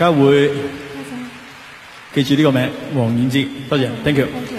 大家會記住呢個名字，王菀之。多謝，Thank you。